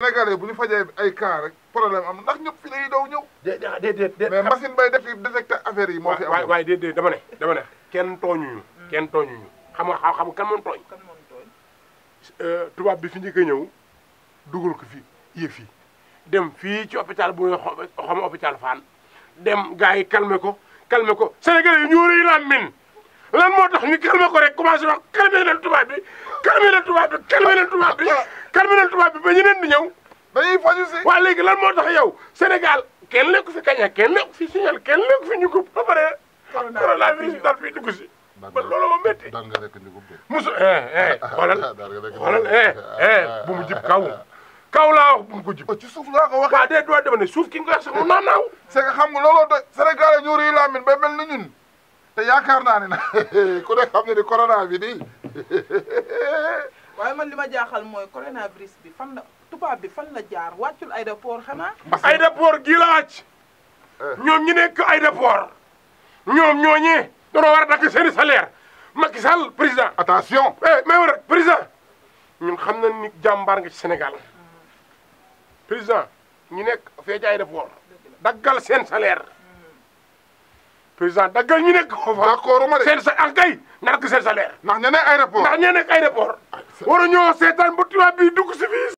Sénégalais bu ñu fajee ay cas rek problème am ndax ñëpp fi dañuy daw ñëw. déedéet déet mais machine bay def détecté affaire yi. moo fi am waay waay déedéet dama ne dama ne kenn tooñuñu. kenn tooñuñu xam nga xam nga kan moom tooñ. kan euh, tubaab bi fi njëkk ñëw dugal ko fi yëf yi dem fii ci hôpital bu ñuy xaw ma hôpital Fann dem gars yi calmé ko calmé ko Sénégalais yi ñoo rëy laa min lan moo tax ñu calmé ko rek commencé wax calmé leen tubaab bi calmé leen tubaab bi calmé leen tubaab bi calmé leen tubaab bi ba ñeneen di ñëw. dañuy faju léegi lan moo tax yow Sénégal kenn lekku fi kaña ken lekku fi signal kenn lekku fi ñugub ba pare. coronavirus dal fii dugg si. ba loolu ma métti. daan nga lekk ñugub de. musu eh, eh, xoolal xoolal eh, bu mu jib kaw. kaw laa wax bu mu jib. Oh, suuf laa ko waxee. waaw déedéet doo suuf ki nga wax sax mu naan naaw. c'est que xam nga looloo doy Sénégal ñoo rëy laamin yaakaar naa ne na ku ne xam ne ni corona bi nii. waaye man li ma jaaxal mooy coronavirus bi fan la tubaab fan la jaar wàccul aéroport xanaa. aéroport gii la wàcc. Eh. ñoom ñi nekk aéroport ñoom ñooñee dañoo war a dakk seeni salaire Macky Sall président. attention eh may war président ñun xam nañ ni jàmbaar nga ci Sénégal hmm. président ñu nekk fee ci aéroport daggal seen salaire. président daggal ñu nekk. d'accord ma de seen sa ak kay a ñëw seetaan ba tubaab bi dugg si fii.